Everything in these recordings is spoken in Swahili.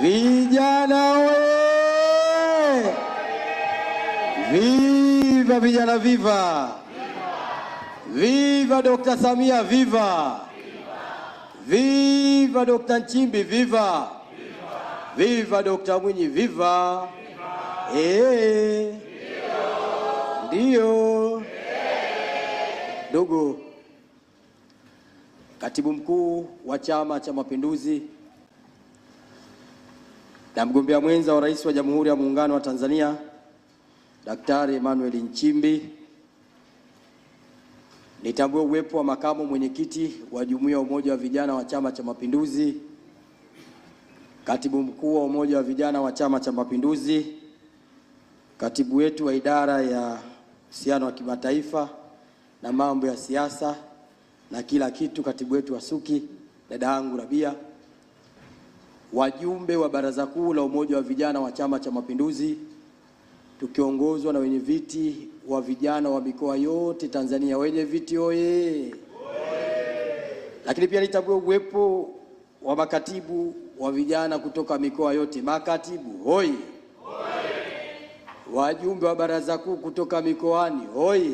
Vijana we! Viva vijana, viva! Viva Dr. Samia, viva! Viva Dr. Nchimbi, viva! Viva Dr. Mwinyi, viva! Eh, ee! ndiyo ndugu katibu mkuu wa Chama cha Mapinduzi na mgombea mwenza wa rais wa Jamhuri ya Muungano wa Tanzania Daktari Emmanuel Nchimbi. Nitambue uwepo wa makamu mwenyekiti wa Jumuiya ya Umoja wa Vijana wa Chama cha Mapinduzi, katibu mkuu wa Umoja wa Vijana wa Chama cha Mapinduzi, katibu wetu wa idara ya uhusiano wa kimataifa na mambo ya siasa na kila kitu, katibu wetu wa Suki, dada yangu Rabia wajumbe wa Baraza Kuu la Umoja wa Vijana wa Chama cha Mapinduzi tukiongozwa na wenye viti wa vijana wa mikoa yote Tanzania, wenye viti oye! Lakini pia nitambue uwepo wa makatibu wa vijana kutoka mikoa yote, makatibu oye! Wajumbe wa Baraza Kuu kutoka mikoani oye!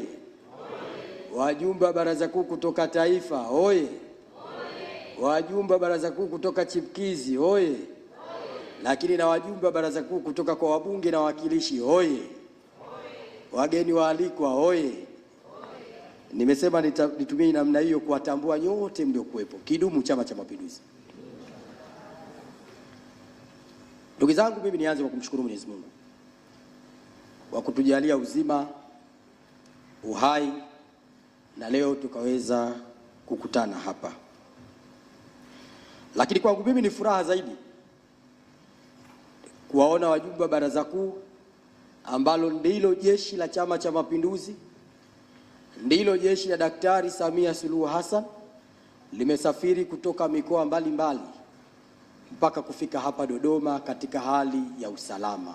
Wajumbe wa Baraza Kuu kutoka taifa oye! wajumbe wa baraza kuu kutoka Chipkizi oye Lakini na wajumbe wa baraza kuu kutoka kwa wabunge na wawakilishi oye Wageni waalikwa oye Nimesema nitumie namna hiyo kuwatambua nyote mliokuwepo. Kidumu Chama cha Mapinduzi! Ndugu zangu, mimi nianze kwa kumshukuru Mwenyezi Mungu kwa kutujalia uzima, uhai na leo tukaweza kukutana hapa. Lakini kwangu mimi ni furaha zaidi kuwaona wajumbe wa Baraza Kuu ambalo ndilo jeshi la Chama cha Mapinduzi, ndilo jeshi la Daktari Samia Suluhu Hassan limesafiri kutoka mikoa mbalimbali mbali mpaka kufika hapa Dodoma katika hali ya usalama.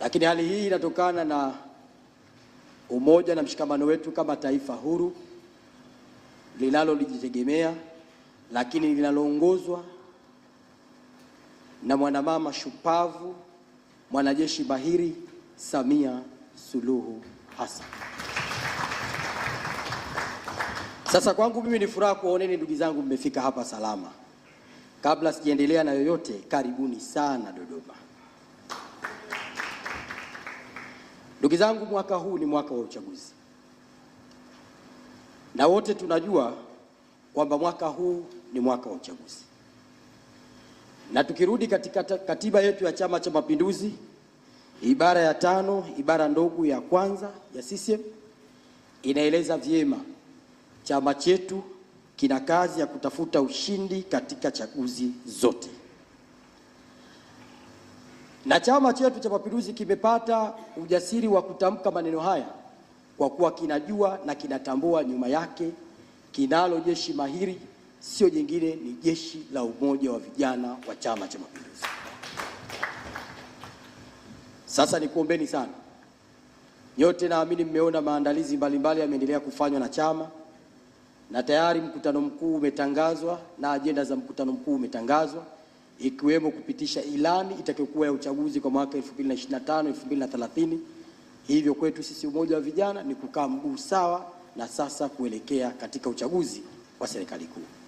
Lakini hali hii inatokana na umoja na mshikamano wetu kama taifa huru linalojitegemea lakini linaloongozwa na mwanamama shupavu, mwanajeshi mahiri Samia Suluhu Hassan. Sasa kwangu mimi ni furaha kuwaoneni ndugu zangu, mmefika hapa salama. Kabla sijaendelea na yoyote, karibuni sana Dodoma. Ndugu zangu, mwaka huu ni mwaka wa uchaguzi, na wote tunajua kwamba mwaka huu ni mwaka wa uchaguzi. Na tukirudi katika katiba yetu ya Chama cha Mapinduzi, ibara ya tano ibara ndogo ya kwanza ya CCM inaeleza vyema chama chetu kina kazi ya kutafuta ushindi katika chaguzi zote, na chama chetu cha Mapinduzi kimepata ujasiri wa kutamka maneno haya kwa kuwa kinajua na kinatambua nyuma yake kinalo jeshi mahiri sio jingine, ni jeshi la umoja wa vijana wa Chama cha Mapinduzi. Sasa nikuombeni sana nyote, naamini mmeona maandalizi mbalimbali yameendelea kufanywa na chama na tayari mkutano mkuu umetangazwa na ajenda za mkutano mkuu umetangazwa ikiwemo kupitisha ilani itakayokuwa ya uchaguzi kwa mwaka 2025 2030. Hivyo kwetu sisi umoja wa vijana ni kukaa mguu sawa na sasa kuelekea katika uchaguzi wa serikali kuu.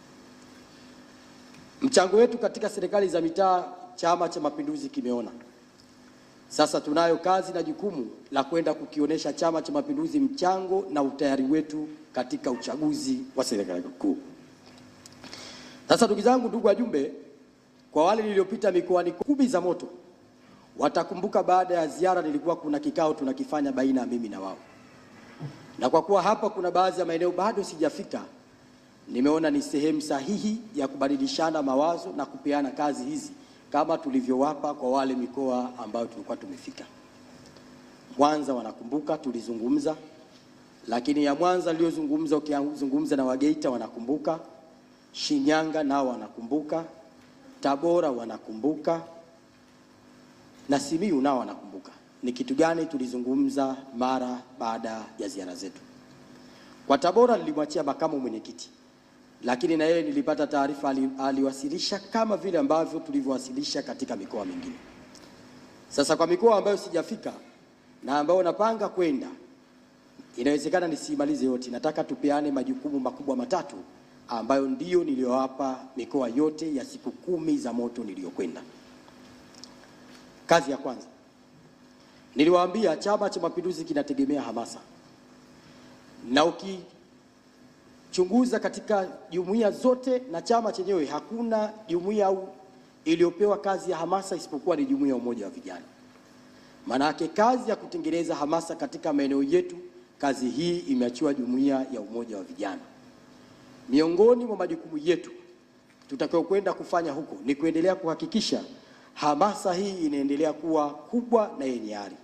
Mchango wetu katika serikali za mitaa, Chama cha Mapinduzi kimeona sasa tunayo kazi na jukumu la kwenda kukionyesha Chama cha Mapinduzi mchango na utayari wetu katika uchaguzi wa serikali kuu. Sasa ndugu zangu, ndugu wajumbe, kwa wale niliopita mikoani kumi za moto watakumbuka, baada ya ziara nilikuwa kuna kikao tunakifanya baina ya mimi na wao, na kwa kuwa hapa kuna baadhi ya maeneo bado sijafika nimeona ni sehemu sahihi ya kubadilishana mawazo na kupeana kazi hizi kama tulivyowapa kwa wale mikoa ambayo tulikuwa tumefika. Mwanza wanakumbuka tulizungumza, lakini ya Mwanza niliyozungumza, ukizungumza na Wageita wanakumbuka, Shinyanga nao wanakumbuka, Tabora wanakumbuka na Simiyu nao wanakumbuka ni kitu gani tulizungumza mara baada ya ziara zetu. Kwa Tabora nilimwachia makamu mwenyekiti lakini na yeye nilipata taarifa aliwasilisha kama vile ambavyo tulivyowasilisha katika mikoa mingine. Sasa kwa mikoa ambayo sijafika na ambayo napanga kwenda, inawezekana nisimalize yote. Nataka tupeane majukumu makubwa matatu ambayo ndiyo niliyowapa mikoa yote ya siku kumi za moto niliyokwenda. Kazi ya kwanza niliwaambia, Chama cha Mapinduzi kinategemea hamasa na uki chunguza katika jumuiya zote na chama chenyewe, hakuna jumuiya au iliyopewa kazi ya hamasa isipokuwa ni jumuiya ya umoja wa vijana. Maana yake kazi ya kutengeneza hamasa katika maeneo yetu, kazi hii imeachiwa jumuiya ya umoja wa vijana. Miongoni mwa majukumu yetu tutakayokwenda kufanya huko ni kuendelea kuhakikisha hamasa hii inaendelea kuwa kubwa na yenye ari.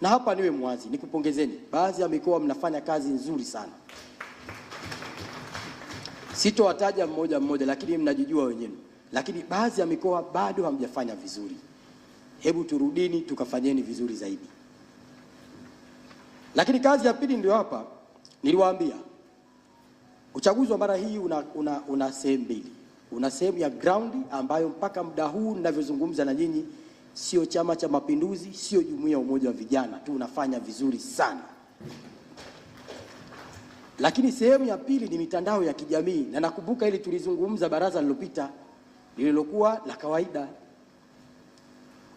Na hapa niwe mwazi, nikupongezeni, baadhi ya mikoa mnafanya kazi nzuri sana. Sitowataja mmoja mmoja, lakini mnajijua wenyewe. Lakini baadhi ya mikoa bado hamjafanya vizuri. Hebu turudini tukafanyeni vizuri zaidi. Lakini kazi ya pili ndio hapa niliwaambia, uchaguzi wa mara hii una, una, una sehemu mbili, una sehemu ya ground ambayo mpaka muda huu ninavyozungumza na nyinyi sio Chama cha Mapinduzi, sio Jumuiya ya Umoja wa Vijana tu unafanya vizuri sana. Lakini sehemu ya pili ni mitandao ya kijamii, na nakumbuka ili tulizungumza baraza lililopita lililokuwa la kawaida.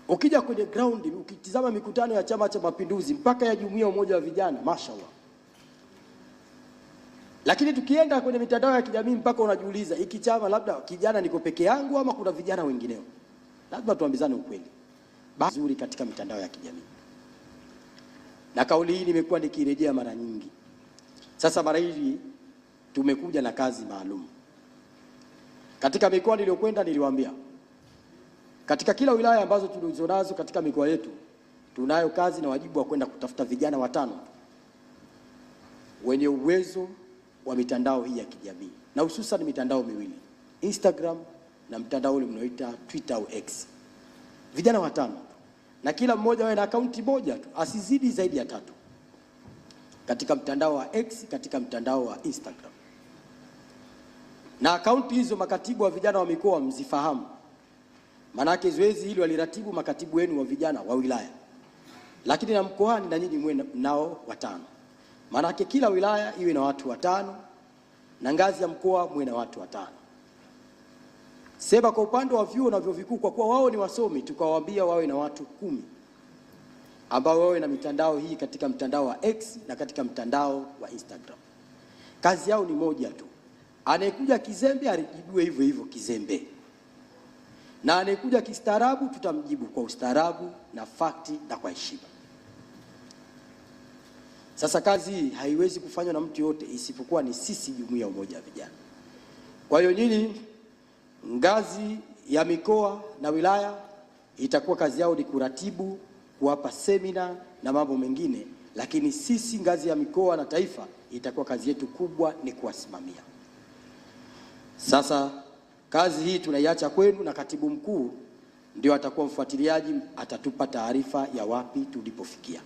Ukija kwenye ground, ukitizama mikutano ya Chama cha Mapinduzi mpaka ya Jumuiya Umoja wa Vijana, mashallah. Lakini tukienda kwenye mitandao ya kijamii mpaka unajiuliza hiki chama labda kijana niko peke yangu ama kuna vijana wengineo. Lazima tuambizane ukweli Bazuri katika mitandao ya kijamii na kauli hii nimekuwa nikirejea mara nyingi. Sasa mara hii tumekuja na kazi maalum. Katika mikoa niliyokwenda niliwaambia, katika kila wilaya ambazo tulizonazo katika mikoa yetu tunayo kazi na wajibu wa kwenda kutafuta vijana watano wenye uwezo wa mitandao hii ya kijamii na hususan mitandao miwili Instagram na mtandao ule mnaoita Twitter au X. Vijana watano na kila mmoja awe na akaunti moja tu, asizidi zaidi ya tatu katika mtandao wa X, katika mtandao wa Instagram. Na akaunti hizo makatibu wa vijana wa mikoa mzifahamu, maanake zoezi hili waliratibu makatibu wenu wa vijana wa wilaya, lakini na mkoani na nyinyi mwe nao watano, maanake kila wilaya iwe na watu watano na ngazi ya mkoa mwe na watu watano. Seba kwa upande wa vyuo na vyuo vikuu, kwa kuwa wao ni wasomi, tukawaambia wawe na watu kumi ambao wawe na mitandao hii katika mtandao wa X na katika mtandao wa Instagram. Kazi yao ni moja tu, anayekuja kizembe alijibiwe hivyo hivyo kizembe, na anayekuja kistaarabu tutamjibu kwa ustaarabu na fakti na kwa heshima. Sasa kazi hii haiwezi kufanywa na mtu yote isipokuwa ni sisi jumuiya ya umoja wa vijana. Kwa hiyo nyinyi ngazi ya mikoa na wilaya itakuwa kazi yao ni kuratibu kuwapa semina na mambo mengine, lakini sisi ngazi ya mikoa na taifa itakuwa kazi yetu kubwa ni kuwasimamia. Sasa kazi hii tunaiacha kwenu, na katibu mkuu ndio atakuwa mfuatiliaji, atatupa taarifa ya wapi tulipofikia.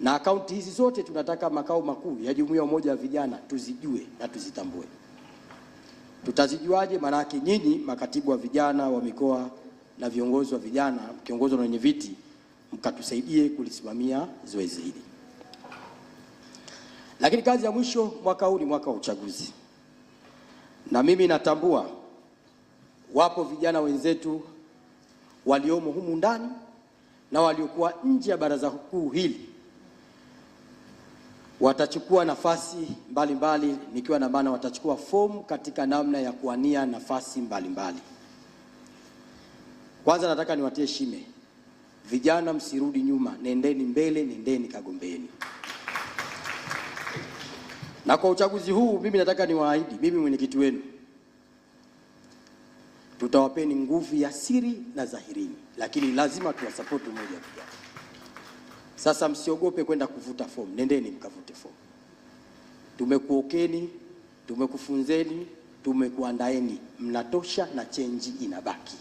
Na akaunti hizi zote tunataka makao makuu ya Jumuiya Umoja wa Vijana tuzijue na tuzitambue. Tutazijuaje? Maanake nyinyi makatibu wa vijana wa mikoa na viongozi wa vijana mkiongozwa na wenye viti mkatusaidie kulisimamia zoezi hili. Lakini kazi ya mwisho mwaka huu ni mwaka wa uchaguzi, na mimi natambua wapo vijana wenzetu waliomo humu ndani na waliokuwa nje ya baraza kuu hili watachukua nafasi mbalimbali mbali, nikiwa na maana watachukua fomu katika namna ya kuania nafasi mbalimbali mbali. Kwanza nataka niwatie shime Vijana msirudi nyuma, nendeni mbele, nendeni kagombeni. Na kwa uchaguzi huu mimi nataka niwaahidi, mimi mwenyekiti wenu, tutawapeni nguvu ya siri na zahirini, lakini lazima tuwasapoti umoja wa vijana. Sasa msiogope kwenda kuvuta fomu, nendeni mkavute fomu. Tumekuokeni, tumekufunzeni, tumekuandaeni, mnatosha na chenji inabaki.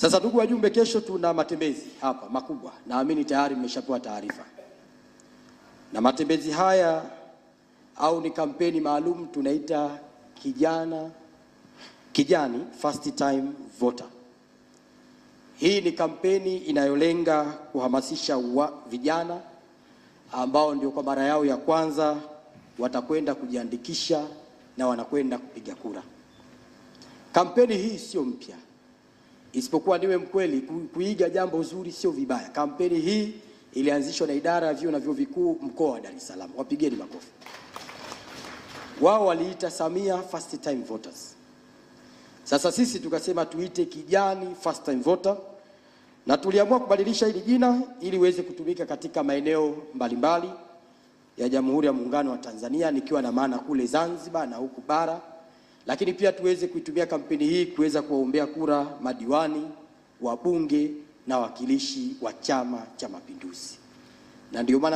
Sasa ndugu wajumbe, kesho tuna matembezi hapa makubwa, naamini tayari mmeshapewa taarifa, na matembezi haya au ni kampeni maalum tunaita kijana kijani first time voter. Hii ni kampeni inayolenga kuhamasisha wa vijana ambao ndio kwa mara yao ya kwanza watakwenda kujiandikisha na wanakwenda kupiga kura. Kampeni hii sio mpya Isipokuwa niwe mkweli, kuiga jambo zuri sio vibaya. Kampeni hii ilianzishwa na idara ya vyuo na vyuo vikuu mkoa wa Dar es Salaam, wapigeni makofi. Wao waliita Samia first time voters. Sasa sisi tukasema tuite kijani first time voter, na tuliamua kubadilisha hili jina ili uweze kutumika katika maeneo mbalimbali ya Jamhuri ya Muungano wa Tanzania, nikiwa na maana kule Zanzibar na huku bara lakini pia tuweze kuitumia kampeni hii kuweza kuwaombea kura madiwani, wabunge na wawakilishi wa Chama cha Mapinduzi, na ndio maana